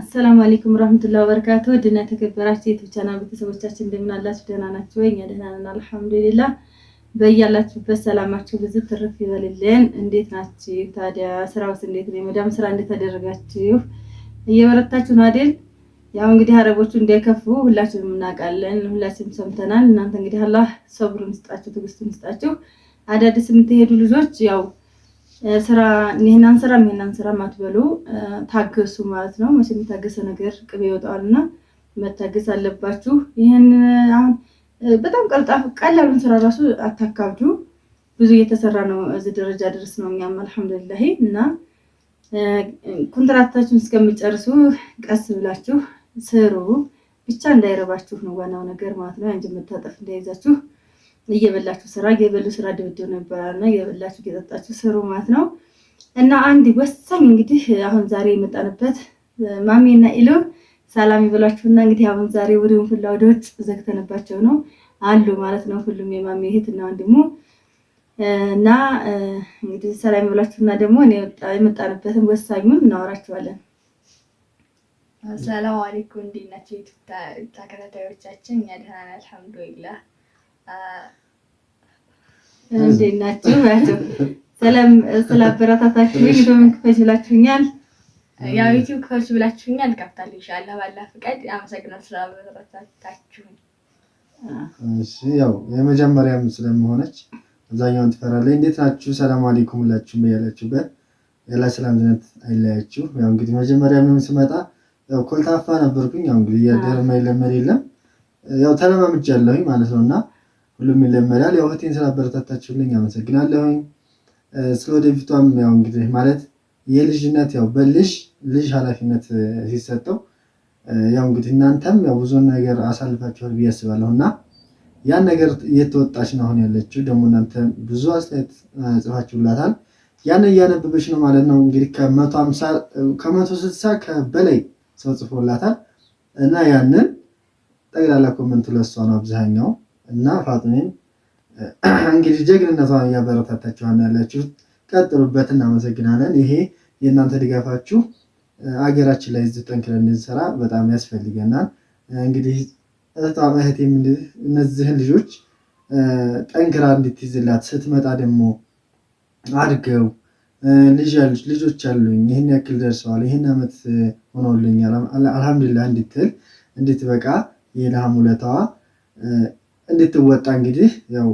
አሰላሙ አለይኩም ረህመቱላሂ ወበረካቱ ድና የተከበራችሁ የዩቲዩብ ቻናል ቤተሰቦቻችን እንደምን አላችሁ? ደህና ናችሁ ወይ? እኛ ደህና ነን አልሐምዱሊላህ። በያላችሁበት ሰላማችሁ ብዙ ትርፍ ይበልልን። እንዴት ናችሁ? ታዲያ ስራውስ እንዴት ነው? የመዳም ስራ እንዴት ተደረጋችሁ? እየበረታችሁ ነው አይደል? ያው እንግዲህ አረቦቹ እንዳይከፉ ሁላችንም እናውቃለን፣ ሁላችሁም ሰምተናል። እናንተ እንግዲህ አላህ ሰብሩን ስጣችሁ ትዕግስቱን ይስጣችሁ። አዳዲስ የምትሄዱ ልጆች ያው ስራ ይህናን ስራ ይህናን ስራ ማትበሉ ታገሱ ማለት ነው። መቼም የታገሰ ነገር ቅቤ ይወጣዋል እና መታገስ አለባችሁ። ይህን አሁን በጣም ቀላሉን ስራ ራሱ አታካብዱ። ብዙ እየተሰራ ነው። እዚህ ደረጃ ድረስ ነው። እኛም አልሐምዱሊላሂ እና ኮንትራክታችሁን እስከሚጨርሱ ቀስ ብላችሁ ስሩ። ብቻ እንዳይረባችሁ ነው ዋናው ነገር ማለት ነው። እንጂ መታጠፍ እንዳይዛችሁ እየበላችሁ ስራ እየበሉ ስራ ድብድብ ነበረ እና እየበላችሁ እየጠጣችሁ ስሩ ማለት ነው። እና አንድ ወሳኝ እንግዲህ አሁን ዛሬ የመጣንበት ማሜ እና ኢሎ ሰላም ይበሏችሁና እንግዲህ አሁን ዛሬ ወዲሁም ፍላ ወደ ውጭ ዘግተንባቸው ነው አሉ ማለት ነው። ሁሉም የማሜ እህት እና ወንድሙ እና እንግዲህ ሰላም ይበሏችሁና ደግሞ የመጣንበትን ወሳኙን እናወራችኋለን። ሰላም አለይኩም እንዴት ናቸው የኢትዮጵያ ተከታታዮቻችን? እኛ ደህና ነን አልሐምዱሊላህ። እንዴት ናችሁ? ሰላም ስላበረታታችሁኝ በምን ክፈች ብላችሁኛል? ያው ዩቲዩብ ክፈች ብላችሁኛል። ከፍታል ኢንሻአላህ ባላ ፍቃድ። አመሰግናለሁ ስላበረታታችሁኝ። እሺ ያው የመጀመሪያም ስለመሆነች አብዛኛውን ትፈራለች። እንዴት ናችሁ? ሰላም አለይኩም ሁላችሁም በያላችሁበት ያላ ሰላም ዝነት አይለያችሁ። ያው እንግዲህ መጀመሪያ ምን ስመጣ ያው ኮልታፋ ነበርኩኝ። ያው እንግዲህ ያደረመ የለም ያው ተለማምጃለሁኝ ማለት ነውና ሁሉም ይለመዳል። ያው የእውነቴን ስላበረታታችሁልኝ አመሰግናለሁኝ። ስለወደፊቷም ያው እንግዲህ ማለት የልጅነት ያው በልሽ ልጅ ኃላፊነት ሲሰጠው ያው እንግዲህ እናንተም ያው ብዙን ነገር አሳልፋችኋል ብዬ አስባለሁ እና ያን ነገር እየተወጣች ነው አሁን ያለችው። ደግሞ እናንተ ብዙ አስተያየት ጽፋችሁላታል። ያን እያነበበች ነው ማለት ነው እንግዲህ ከመቶ ስልሳ ከበላይ ሰው ጽፎላታል እና ያንን ጠቅላላ ኮመንቱ ለሷ ነው አብዛኛው እና ፋጡሜን እንግዲህ ጀግንነቷን እያበረታታችኋን ያላችሁ ቀጥሉበት፣ እናመሰግናለን። ይሄ የእናንተ ድጋፋችሁ አገራችን ላይ እዚህ ጠንክረን እንድንሰራ በጣም ያስፈልገናል። እንግዲህ እህቷም እህቴም እነዚህን ልጆች ጠንክራ እንድትይዝላት ስትመጣ ደግሞ አድገው ልጆች አሉኝ ይህን ያክል ደርሰዋል፣ ይህን ዓመት ሆነውልኛል፣ አልሐምዱሊላህ እንድትል እንድትበቃ የልሃም ውለታዋ እንድትወጣ እንግዲህ ያው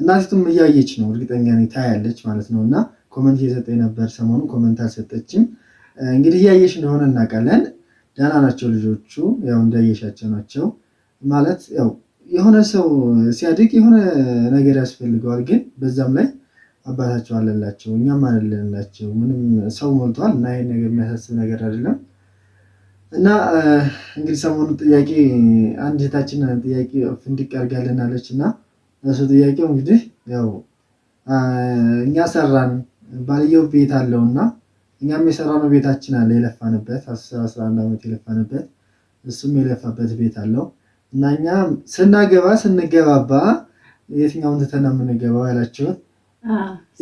እናቲቱም እያየች ነው፣ እርግጠኛ ነኝ ታያለች ማለት ነው። እና ኮመንት እየሰጠ ነበር ሰሞኑን፣ ኮመንት አልሰጠችም። እንግዲህ እያየሽ እንደሆነ እናውቃለን። ደህና ናቸው ልጆቹ፣ ያው እንዳየሻቸው ናቸው ማለት ያው የሆነ ሰው ሲያድግ የሆነ ነገር ያስፈልገዋል። ግን በዛም ላይ አባታቸው አለላቸው፣ እኛም አለላቸው። ምንም ሰው ሞልተዋል እና ይህን ነገር የሚያሳስብ ነገር አይደለም። እና እንግዲህ ሰሞኑ ጥያቄ አንድ እህታችን ጥያቄ ፍንድቅ አድርጋልን አለች። እና እሱ ጥያቄው እንግዲህ ያው እኛ ሰራን ባልየው ቤት አለው እና እኛም የሰራነው ቤታችን አለ የለፋንበት አስራ አንድ ዓመት የለፋንበት እሱም የለፋበት ቤት አለው እና እኛ ስናገባ ስንገባባ የትኛውን ትተን የምንገባው ያላችሁት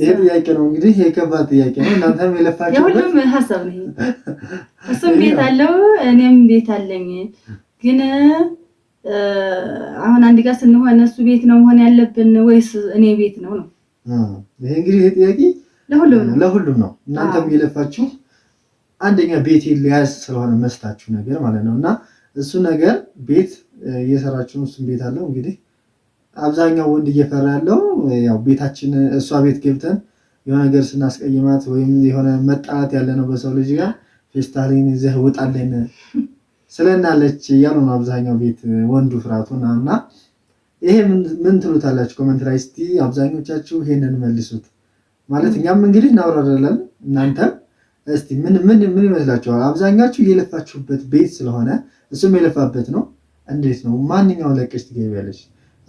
ይሄ ጥያቄ ነው እንግዲህ የከባድ ጥያቄ ነው። እናንተም የለፋችሁ የሁሉም ሀሳብ ነው። እሱም ቤት አለው እኔም ቤት አለኝ። ግን አሁን አንድ ጋር ስንሆን እሱ ቤት ነው መሆን ያለብን ወይስ እኔ ቤት ነው ነው? ይሄ እንግዲህ ይሄ ጥያቄ ለሁሉም ነው ለሁሉም ነው። እናንተም የለፋችሁ አንደኛ ቤት ሊያዝ ስለሆነ መስታችሁ ነገር ማለት ነው እና እሱ ነገር ቤት እየሰራችሁ እሱም ቤት አለው እንግዲህ አብዛኛው ወንድ እየፈራ ያለው ያው ቤታችን እሷ ቤት ገብተን የሆነ ነገር ስናስቀይማት ወይም የሆነ መጣላት ያለ ነው በሰው ልጅ ጋር ፌስታሊን ይዘህ ውጣልን ስለናለች እያሉ ነው አብዛኛው ቤት ወንዱ ፍራቱ እና ይሄ ምን ትሉታላችሁ? ኮመንት ላይ እስቲ አብዛኞቻችሁ ይሄንን መልሱት። ማለት እኛም እንግዲህ እናብራራለን፣ እናንተም እስቲ ምን ምን ምን ይመስላችኋል? አብዛኛችሁ የለፋችሁበት ቤት ስለሆነ እሱም የለፋበት ነው። እንዴት ነው ማንኛውን ለቀሽ ትገቢያለች?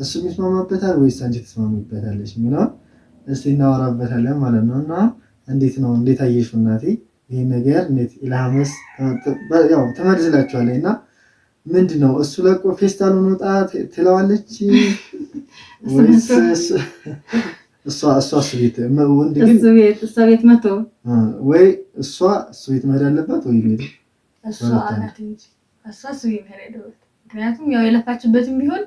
እሱም ይስማማበታል ወይስ አንቺ ትስማሚበታለች የሚለውን እስቲ እናወራበታለን ማለት ነው። እና እንዴት ነው እንዴት አየሽው እናቴ ይህ ነገር እንዴት ኢልሃምስ ተመርዝላችኋለች እና ምንድን ነው እሱ ለቆ ፌስታሉን ወጣ ትለዋለች እሷ እሷ እሱ ወይ እሷ እሱ ቤት መሄድ አለባት ወይ ቤት እሷ እሱ ቤት መሄድ አለባት። ምክንያቱም ያው የለፋችበትም ቢሆን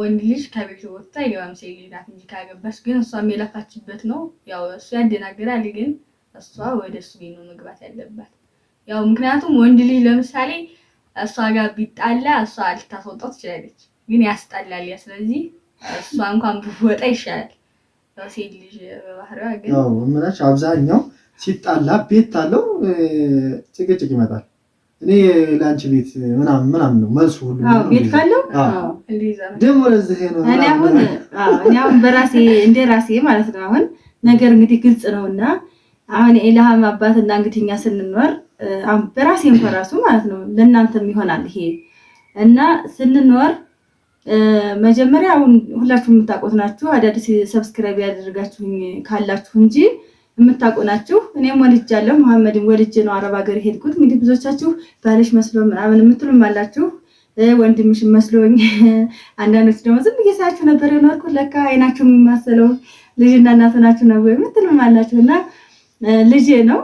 ወንድ ልጅ ከቤት ወጥታ የዋም ሴት ልጅ ናት እንጂ ካገባች ግን እሷ የለፋችበት ነው። ያው እሱ ያደናግራል፣ ግን እሷ ወደ እሱ ቤት ነው መግባት ያለባት። ያው ምክንያቱም ወንድ ልጅ ለምሳሌ እሷ ጋር ቢጣላ እሷ ልታስወጣው ትችላለች፣ ግን ያስጣላል። ያ ስለዚህ እሷ እንኳን ብትወጣ ይሻላል። ሴት ልጅ በባህሪዋ ግን አብዛኛው ሲጣላ ቤት ታለው ጭቅጭቅ ይመጣል። እኔ ለአንቺ ቤት ምናምን ምናምን ነው መልሱ። ሁሉ ቤት ካለው ደግሞ ለዚህ ነው። እኔ አሁን በራሴ እንደ ራሴ ማለት ነው። አሁን ነገር እንግዲህ ግልጽ ነው እና አሁን የኢልሃም አባትና እንግዲህ እኛ ስንኖር በራሴ እንኳን ራሱ ማለት ነው ለእናንተም ይሆናል ይሄ እና ስንኖር መጀመሪያ አሁን ሁላችሁም የምታውቁት ናችሁ። አዳዲስ ሰብስክራይብ ያደረጋችሁኝ ካላችሁ እንጂ የምታውቁ ናችሁ። እኔም ወልጃለሁ፣ መሐመድም ወልጄ ነው አረብ ሀገር ሄድኩት። እንግዲህ ብዙዎቻችሁ ባለሽ መስሎ ምናምን የምትሉም አላችሁ፣ ወንድምሽ መስሎኝ። አንዳንዶች ደግሞ ዝም እየሳያችሁ ነበር የኖርኩ ለካ አይናችሁ የሚማሰለው ልጅና እናት ናችሁ ነው የምትሉም አላችሁ። እና ልጄ ነው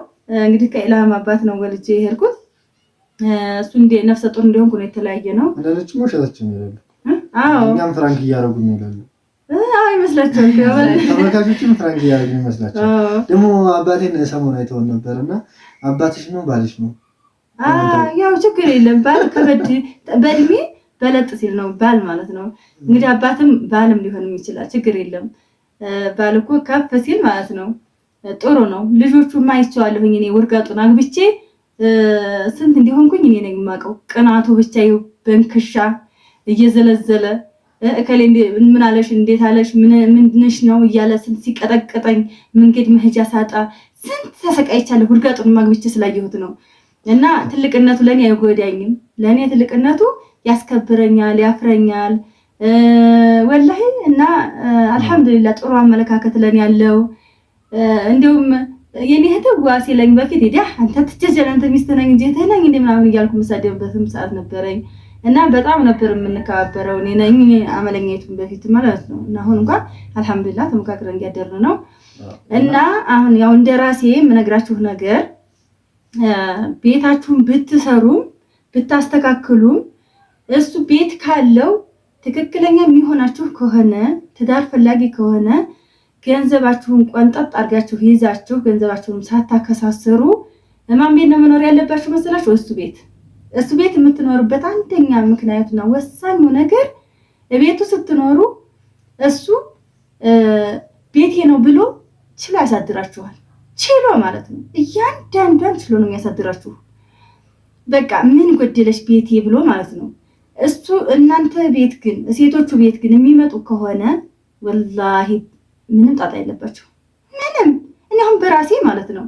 እንግዲህ ከኢላም አባት ነው ወልጄ ሄድኩት። እሱ እንደ ነፍሰ ጡር እንደሆንኩ ነው የተለያየ ነው። አንዳንዶች ሞሸታችን ይላሉ፣ እኛም ፍራንክ እያደረጉ ነው ይላሉ አይመስላቸውም ተመልካቾችም ፍራንክ ያደረጉ ይመስላቸው። ደግሞ አባቴን ሰሞኑን አይተውን ነበር እና አባትሽ ነው ባልሽ ነው? ያው ችግር የለም ባል ከበድ በእድሜ በለጥ ሲል ነው ባል ማለት ነው። እንግዲህ አባትም ባልም ሊሆንም ይችላል። ችግር የለም ባል እኮ ከፍ ሲል ማለት ነው ጥሩ ነው። ልጆቹ ማይቸዋለሁኝ እኔ ውርጋጡን አግብቼ ስንት እንዲሆንኩኝ እኔ ነው የማውቀው። ቅናቱ ብቻ በንክሻ እየዘለዘለ እከሌ ምን አለሽ እንዴት አለሽ ምንድነሽ ነው እያለ ስንት ሲቀጠቅጠኝ መንገድ መሄጃ ሳጣ ስንት ተሰቃይቻለሁ። ውድጋጡን ማግብቼ ስላየሁት ነው። እና ትልቅነቱ ለእኔ አይጎዳኝም። ለእኔ ትልቅነቱ ያስከብረኛል፣ ያፍረኛል ወላሂ። እና አልሐምዱሊላ ጥሩ አመለካከት ለእኔ ያለው እንዲሁም የኔ ህተዋ ሲለኝ በፊት ሄዳ አንተ ትጀጀለ አንተ ሚስትህ እንጂ እህትህ ነኝ እንደ ምናምን እያልኩ ምሳደበትም ሰዓት ነበረኝ። እና በጣም ነበር የምንከባበረው። እኔ ነኝ አመለኛቱን በፊት ማለት ነው። እና አሁን እንኳን አልሐምዱሊላህ ተመካክረን እንዲያደር ነው። እና አሁን ያው እንደ ራሴ የምነግራችሁ ነገር ቤታችሁን ብትሰሩም ብታስተካክሉም እሱ ቤት ካለው ትክክለኛ የሚሆናችሁ ከሆነ ትዳር ፈላጊ ከሆነ ገንዘባችሁን ቆንጠጥ አድርጋችሁ ይዛችሁ ገንዘባችሁን ሳታከሳሰሩ እማን ቤት ነው መኖር ያለባችሁ መሰላችሁ? እሱ ቤት እሱ ቤት የምትኖሩበት አንደኛ ምክንያቱና ወሳኙ ነገር ቤቱ ስትኖሩ እሱ ቤቴ ነው ብሎ ችሎ ያሳድራችኋል። ችሎ ማለት ነው እያንዳንዷን ችሎ ነው የሚያሳድራችሁ። በቃ ምን ጎደለች ቤቴ ብሎ ማለት ነው እሱ። እናንተ ቤት ግን ሴቶቹ ቤት ግን የሚመጡ ከሆነ ወላሂ ምንም ጣጣ የለባቸው ምንም። እኔ አሁን በራሴ ማለት ነው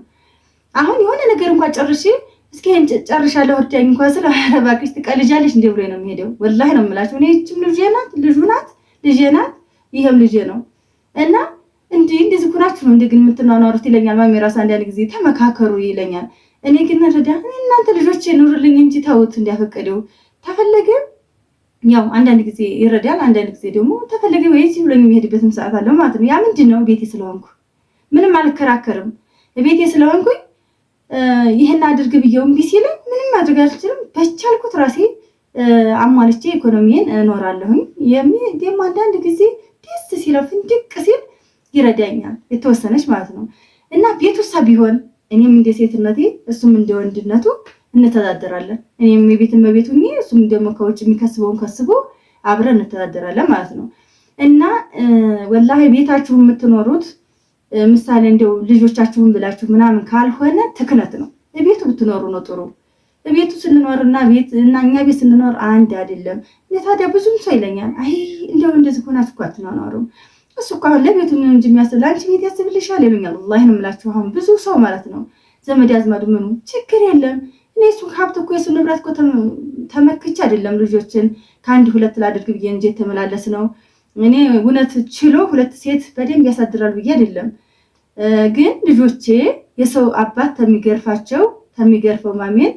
አሁን የሆነ ነገር እንኳን ጨርሼ እስኪ ጨርሻ ጨርሻለሁ እርዳኝ እንኳን ስለ ኧረ እባክሽ ትቀልጃለሽ እንዴ ብሎ ነው የሚሄደው። ወላሂ ነው የምላቸው። እኔ እችም ልጄ ናት፣ ልጁ ናት፣ ልጄ ናት፣ ይሄም ልጄ ነው እና እንዲህ እንደዚህ ኩራችሁ ነው እንዴ ግን የምትናኗሩት ይለኛል። ማሜ እራሱ አንዳንድ ጊዜ ተመካከሩ ይለኛል። እኔ ግን ረዳ እናንተ ልጆች የኑርልኝ እንጂ ተውት እንዲያፈቀደው ተፈለገ ያው አንዳንድ ጊዜ ይረዳል፣ አንዳንድ ጊዜ ደግሞ ተፈለገ ወይ እዚህ ብሎ የሚሄድበትም ሰዓት አለው ማለት ነው። ያ ምንድን ነው ቤቴ ስለሆንኩ ምንም አልከራከርም ቤቴ ስለሆንኩኝ ይህን አድርግ ብየው እምቢ ሲለኝ ምንም ማድረግ አልችልም። በቻልኩት ራሴ አሟልቼ ኢኮኖሚን እኖራለሁኝ። የም አንዳንድ ጊዜ ደስ ሲለው ፍንድቅ ሲል ይረዳኛል የተወሰነች ማለት ነው። እና ቤት ውሳ ቢሆን እኔም እንደ ሴትነቴ እሱም እንደ ወንድነቱ እንተዳደራለን። እኔም የቤት በቤቱ ሁኜ እሱም ደግሞ ከውጭ የሚከስበውን ከስቦ አብረን እንተዳደራለን ማለት ነው። እና ወላሂ ቤታችሁ የምትኖሩት ምሳሌ እንደው ልጆቻችሁን ብላችሁ ምናምን ካልሆነ ትክነት ነው። ቤቱ ብትኖሩ ነው ጥሩ። ቤቱ ስንኖር እና ቤት እና እኛ ቤት ስንኖር አንድ አይደለም። ታዲያ ብዙም ሰው ይለኛል፣ አይ እንደው እንደዚህ ሆና ትኳት ነው አኖረው እሱ እኮ አሁን ለቤቱ ነው እንጂ የሚያስብል አንቺ ቤት ያስብልሻል ይሉኛል። ወላሂ ነው የምላችሁ። አሁን ብዙ ሰው ማለት ነው ዘመድ አዝማዱ ምኑ ችግር የለም። እኔ እሱ ሀብት እኮ የሱ ንብረት እኮ ተመክቼ አይደለም ልጆችን ከአንድ ሁለት ላድርግ ብዬ እንጂ የተመላለስ ነው እኔ እውነት ችሎ ሁለት ሴት በደንብ ያሳድራል ብዬ አይደለም፣ ግን ልጆቼ የሰው አባት ከሚገርፋቸው ከሚገርፈው ማሜን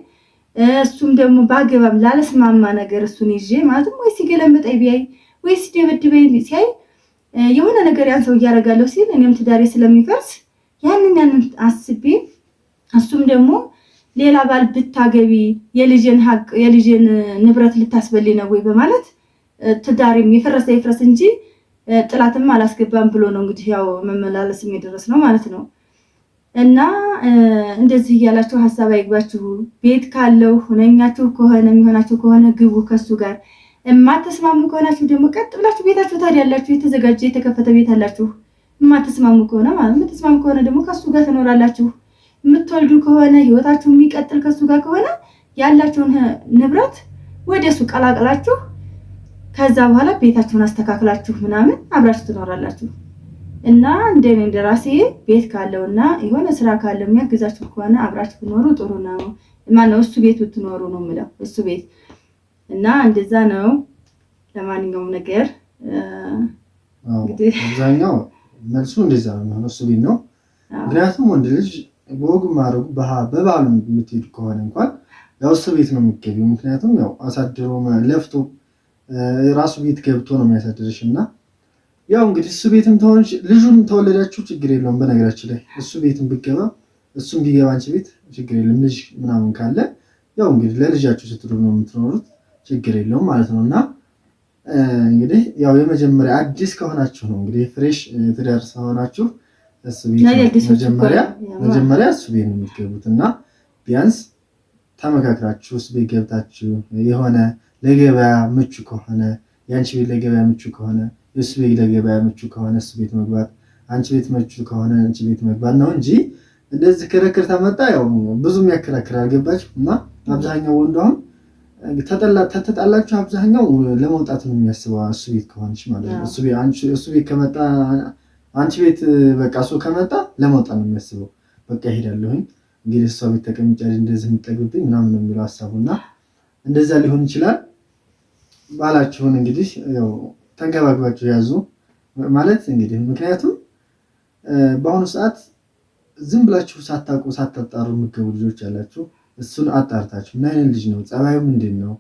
እሱም ደግሞ በአገባም ላለስማማ ነገር እሱን ይዤ ማለትም ወይ ሲገለምጠኝ ቢያይ ወይ ሲደበድበኝ ሲያይ የሆነ ነገር ያን ሰው እያደረጋለሁ ሲል እኔም ትዳሬ ስለሚፈርስ ያንን ያንን አስቤ እሱም ደግሞ ሌላ ባል ብታገቢ የልጅን ሀቅ የልጅን ንብረት ልታስበሊ ነው ወይ በማለት ትዳሪም የፈረሰ ይፍረስ እንጂ ጥላትም አላስገባም ብሎ ነው እንግዲህ ያው መመላለስ የደረስ ነው ማለት ነው። እና እንደዚህ እያላችሁ ሀሳብ አይግባችሁ። ቤት ካለው ሁነኛችሁ ከሆነ የሚሆናችሁ ከሆነ ግቡ ከሱ ጋር። የማትስማሙ ከሆናችሁ ደግሞ ቀጥ ብላችሁ ቤታችሁ ታዲያ ያላችሁ የተዘጋጀ የተከፈተ ቤት አላችሁ። የማትስማሙ ከሆነ ማለት የምትስማሙ ከሆነ ደግሞ ከሱ ጋር ትኖራላችሁ። የምትወልዱ ከሆነ ህይወታችሁ የሚቀጥል ከሱ ጋር ከሆነ ያላችሁን ንብረት ወደ እሱ ቀላቅላችሁ ከዛ በኋላ ቤታችሁን አስተካክላችሁ ምናምን አብራችሁ ትኖራላችሁ። እና እንደኔ እንደራሴ ቤት ካለው እና የሆነ ስራ ካለው የሚያግዛችሁ ከሆነ አብራችሁ ብኖሩ ጥሩ ነው። ማነው እሱ ቤት ብትኖሩ ነው የምለው እሱ ቤት እና እንደዛ ነው። ለማንኛውም ነገር አብዛኛው መልሱ እንደዛ ነው የሚሆነው እሱ ቤት ነው። ምክንያቱም ወንድ ልጅ በወግ ማድረጉ በባህሉ የምትሄዱ ከሆነ እንኳን ያው እሱ ቤት ነው የሚገኘው። ምክንያቱም ያው አሳድሮ ለፍቶ ራሱ ቤት ገብቶ ነው የሚያሳድርሽ እና ያው እንግዲህ እሱ ቤትም ተሆንሽ ልጁን ተወለዳችሁ ችግር የለውም። በነገራችን ላይ እሱ ቤትም ብገባ እሱም ቢገባ አንቺ ቤት ችግር የለም። ልጅ ምናምን ካለ ያው እንግዲህ ለልጃችሁ ስትሉ ነው የምትኖሩት፣ ችግር የለውም ማለት ነው እና እንግዲህ ያው የመጀመሪያ አዲስ ከሆናችሁ ነው እንግዲህ ፍሬሽ ትዳር ሆናችሁ እሱ ቤት መጀመሪያ እሱ ቤት ነው የምትገቡት እና ቢያንስ ተመካክራችሁ እሱ ቤት ገብታችሁ የሆነ ለገበያ ምቹ ከሆነ የአንቺ ቤት ለገበያ ምቹ ከሆነ የእሱ ቤት ለገበያ ምቹ ከሆነ እሱ ቤት መግባት፣ አንቺ ቤት ምቹ ከሆነ አንቺ ቤት መግባት ነው እንጂ እንደዚህ ክርክር ተመጣ ያው ብዙም ያከራክር አልገባች እና አብዛኛው ወንዱ አሁን አብዛኛው ለመውጣት ነው የሚያስበው እሱ ቤት ከሆነች ማለት ነው። እሱ ቤት ከመጣ አንቺ ቤት በቃ እሱ ከመጣ ለመውጣት ነው የሚያስበው። በቃ ይሄዳለሁኝ እንግዲህ እሷ ቤት ተቀምጫ እንደዚህ የምጠግብብኝ ምናምን የሚለው ሀሳቡ እንደዛ ሊሆን ይችላል። ባላችሁን እንግዲህ ያው ተንከባክባችሁ ያዙ ማለት እንግዲህ። ምክንያቱም በአሁኑ ሰዓት ዝም ብላችሁ ሳታውቁ ሳታጣሩ የምትገቡ ልጆች ያላችሁ፣ እሱን አጣርታችሁ ምን አይነት ልጅ ነው፣ ጸባዩ ምንድን ነው፣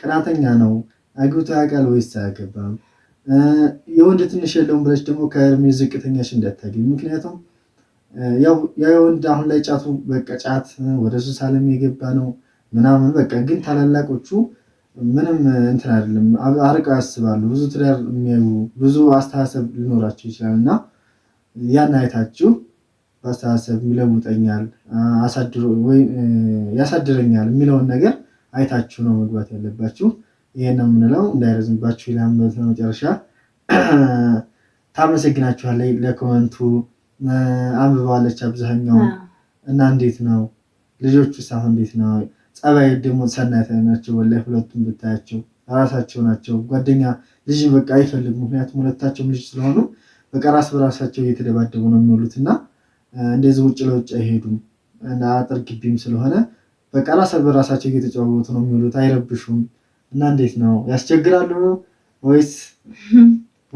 ቅናተኛ ነው፣ አግብቶ ያውቃል ወይስ አያገባም፣ የወንድ ትንሽ የለውም ብለች ደግሞ ከእድሜ ዝቅተኛሽ እንዳታገኝ። ምክንያቱም ያው የወንድ አሁን ላይ ጫቱ በቃ ጫት ወደ ሱስ የገባ ነው ምናምን በቃ ግን ታላላቆቹ ምንም እንትን አይደለም፣ አርቀው ያስባሉ። ብዙ ትዳር የሚያዩ ብዙ አስተሳሰብ ሊኖራቸው ይችላል እና ያን አይታችሁ በአስተሳሰብ ይለውጠኛል ያሳድረኛል የሚለውን ነገር አይታችሁ ነው መግባት ያለባችሁ። ይህን ነው የምንለው። እንዳይረዝምባችሁ ነው መጨረሻ ታመሰግናችኋለች። ለኮመንቱ አንብባለች አብዛኛው እና እንዴት ነው ልጆቹስ አሁን እንዴት ነው ጸባይ ደግሞ ሰናይ ናቸው። ወላሂ ሁለቱም ብታያቸው ራሳቸው ናቸው። ጓደኛ ልጅ በቃ አይፈልጉም። ምክንያቱም ሁለታቸውም ልጅ ስለሆኑ በቃ ራስ በራሳቸው እየተደባደቡ ነው የሚውሉት እና እንደዚህ ውጭ ለውጭ አይሄዱም አጥር ግቢም ስለሆነ በቃ ራስ በራሳቸው እየተጫወቱ ነው የሚውሉት፣ አይረብሹም። እና እንዴት ነው ያስቸግራሉ ወይስ?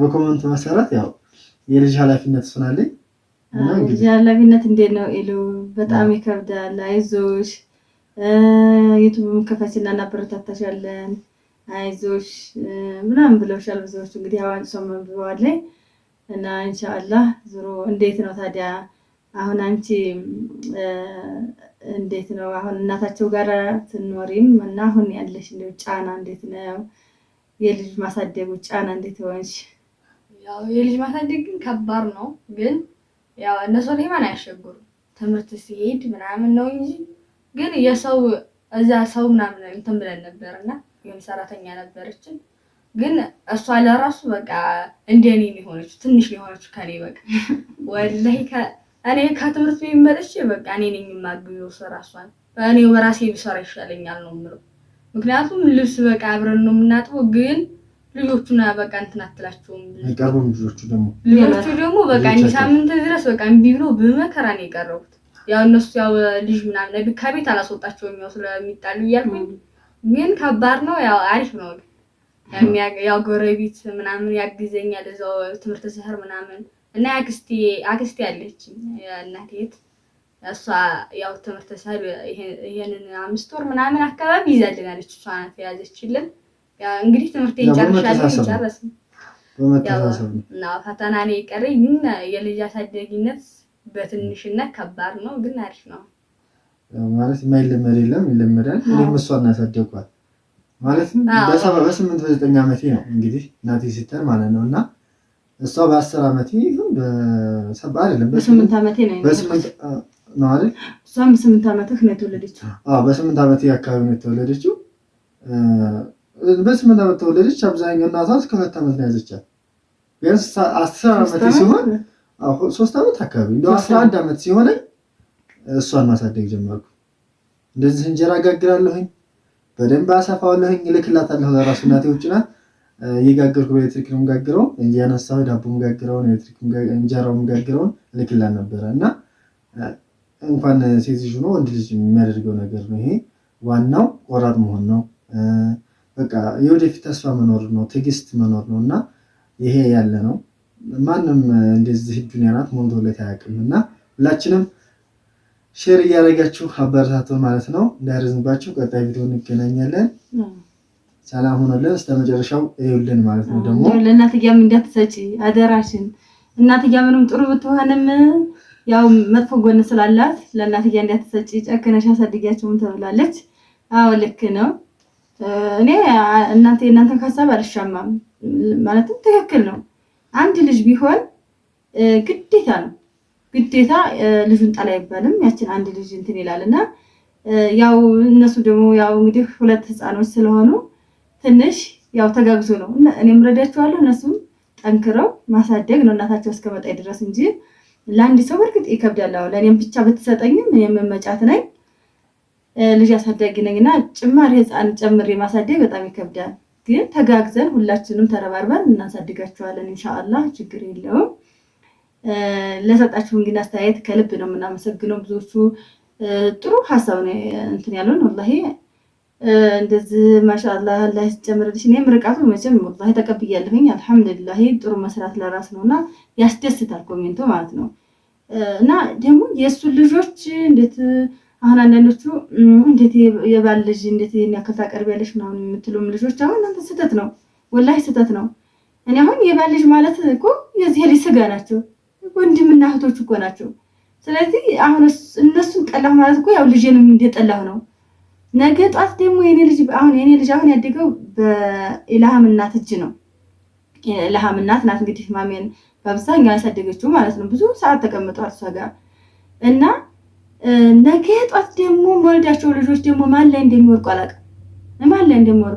በኮመንት መሰረት ያው የልጅ ኃላፊነት ስናለኝ ልጅ ኃላፊነት እንዴት ነው? ኢሉ በጣም ይከብዳል። አይዞሽ ዩቱብ መከፈች እና እናበረታታሻለን፣ አይዞሽ ምናምን ብለውሻል ብዙዎች። እንግዲህ አዋጭ ሰው መንብበዋል ላይ እና ኢንሻአላህ ዞሮ እንዴት ነው ታዲያ አሁን አንቺ እንዴት ነው አሁን እናታቸው ጋር ትኖሪም እና አሁን ያለሽ ጫና እንዴት ነው? የልጅ ማሳደጉ ጫና እንዴት ሆንሽ? ያው የልጅ ማሳደግ ግን ከባድ ነው። ግን ያው እነሱ ሌማን አያሸጉሩም ትምህርት ሲሄድ ምናምን ነው እንጂ ግን የሰው እዛ ሰው ምናምን እንትን ብለን ነበር እና የሆነ ሰራተኛ ነበረችን። ግን እሷ ለራሱ በቃ እንደኔ የሆነች ትንሽ የሆነች ከኔ በቃ ወላሂ እኔ ከትምህርት ቤት መጥቼ በቃ እኔ ነኝ የማግኘው ስራ እሷን እኔ በራሴ ብሰራ ይሻለኛል ነው የምለው። ምክንያቱም ልብስ በቃ አብረን ነው የምናጥበው ግን ልጆቹና በቃ እንትን አትላቸውም። ልጆቹ ደግሞ በቃ እንዲ ሳምንት ድረስ በቃ እምቢ ብሎ በመከራ ነው የቀረቡት። ያው እነሱ ያው ልጅ ምናምን ከቤት አላስወጣቸውም ያው ስለሚጣሉ እያልኩኝ ግን ከባድ ነው። ያው አሪፍ ነው። ያው ጎረቤት ምናምን ያግዘኛል እዛው ትምህርት ስህር ምናምን እና አክስቴ አክስቴ አለች እናቴ እሷ ያው ትምህርት ስህር ይሄንን አምስት ወር ምናምን አካባቢ ይዛልናለች። እሷ ናት የያዘችልን። እንግዲህ ትምህርት ይጨርሻለሁ ይጨረስም ፈተና ነው የቀረኝ ግን የልጅ አሳደጊነት በትንሽነት ከባድ ነው፣ ግን አሪፍ ነው ማለት የማይለመድ የለም ይለመዳል። እኔም እሷ እናሳደጓል ማለት በስምንት በዘጠኝ ዓመቴ ነው እንግዲህ እናቴ ሲተር ማለት ነው እና እሷ በአስር ዓመቴ በሰባ አይደለም በስምንት ዓመቴ ነው ነው አይደል? እሷም በስምንት ዓመትህ ነው የተወለደችው? አዎ በስምንት ዓመቴ አካባቢ ነው የተወለደችው። በስምንት ዓመት ተወለደች። አብዛኛው እናቷ እስከ ሁለት ዓመት ነው ያዘቻት። ቢያንስ አስር ዓመቴ ሲሆን ሶስት ዓመት አካባቢ እንደ አስራ አንድ ዓመት ሲሆነኝ እሷን ማሳደግ ጀመርኩ። እንደዚህ እንጀራ ጋግራለሁኝ፣ በደንብ አሰፋዋለሁኝ፣ እልክላታለሁ። ለራሱ እናቴ ውጭ ናት። እየጋገርኩ በኤሌክትሪክ ነው የምጋግረው፣ እያነሳሁ ዳቦ የምጋግረውን እንጀራው የምጋግረውን እልክላት ነበረ እና እንኳን ሴት ልጅ ሆኖ ወንድ ልጅ የሚያደርገው ነገር ነው ይሄ። ዋናው ቆራጥ መሆን ነው። በቃ የወደፊት ተስፋ መኖር ነው፣ ትዕግስት መኖር ነው እና ይሄ ያለ ነው። ማንም እንደዚህ ዱኒያ ናት ሞልቶለት አያውቅም። እና ሁላችንም ሼር እያደረጋችሁ አበረታቱን ማለት ነው። እንዳይረዝምባችሁ ቀጣይ ቪዲዮ እንገናኛለን። ሰላም ሆኖልን መጨረሻው እዩልን ማለት ነው። ደግሞ ለእናትያም እንዳትሰጪ አደራሽን። እናትያ ምንም ጥሩ ብትሆንም ያው መጥፎ ጎን ስላላት ለእናትያ እንዳትሰጪ፣ ጨክነሽ አሳድጊያቸውም ተብላለች። አዎ ልክ ነው። እኔ እናንተ የእናንተን ሀሳብ አልሻማም ማለትም ትክክል ነው። አንድ ልጅ ቢሆን ግዴታ ነው ግዴታ ልጁን ጣል አይባልም። ያችን አንድ ልጅ እንትን ይላል እና ያው እነሱ ደግሞ ያው እንግዲህ ሁለት ህፃኖች ስለሆኑ ትንሽ ያው ተጋግዞ ነው። እኔም ረዳቸዋለሁ፣ እነሱም ጠንክረው ማሳደግ ነው እናታቸው እስከመጣኝ ድረስ እንጂ ለአንድ ሰው በእርግጥ ይከብዳል። ለእኔም ብቻ ብትሰጠኝም እኔም መጫት ነኝ ልጅ አሳዳጊ ነኝ እና ጭማሪ ህፃን ጨምሬ ማሳደግ በጣም ይከብዳል። ግን ተጋግዘን ሁላችንም ተረባርበን እናሳድጋቸዋለን። እንሻአላህ ችግር የለውም። ለሰጣችሁን ግን አስተያየት ከልብ ነው የምናመሰግነው። ብዙዎቹ ጥሩ ሀሳብ ነው እንትን ያለውን ወላሂ እንደዚህ ማሻላ ላይ ጨምርልሽ። እኔም ርቃቱ መቼም ወላሂ ተቀብያለሁኝ። አልሐምዱሊላህ ጥሩ መስራት ለራስ ነውና ያስደስታል፣ ኮሜንቱ ማለት ነው እና ደግሞ የእሱን ልጆች እንዴት አሁን አንዳንዶቹ እንዴት የባል ልጅ እንዴት ይህን ያክል ታቀርቢያለሽ ምናምን የምትሉም ልጆች አሁን እናንተ ስህተት ነው፣ ወላሂ ስህተት ነው። እኔ አሁን የባል ልጅ ማለት እኮ የዚህ ልጅ ስጋ ናቸው፣ ወንድምና እህቶች እኮ ናቸው። ስለዚህ አሁን እነሱን ጠላሁ ማለት እኮ ያው ልጅንም እንደጠላሁ ነው። ነገ ጧት ደግሞ የኔ ልጅ አሁን የኔ ልጅ አሁን ያደገው በኢላሃም እናት እጅ ነው። ኢላሃም እናት ናት እንግዲህ ማሜን በአብዛኛው ያሳደገችው ማለት ነው። ብዙ ሰዓት ተቀምጠዋል እሷ ጋር እና ነገ ጧት ደግሞ መወልዳቸው ልጆች ደግሞ ማን ላይ እንደሚወርቁ አላውቅም፣ ማን ላይ እንደሚወርቁ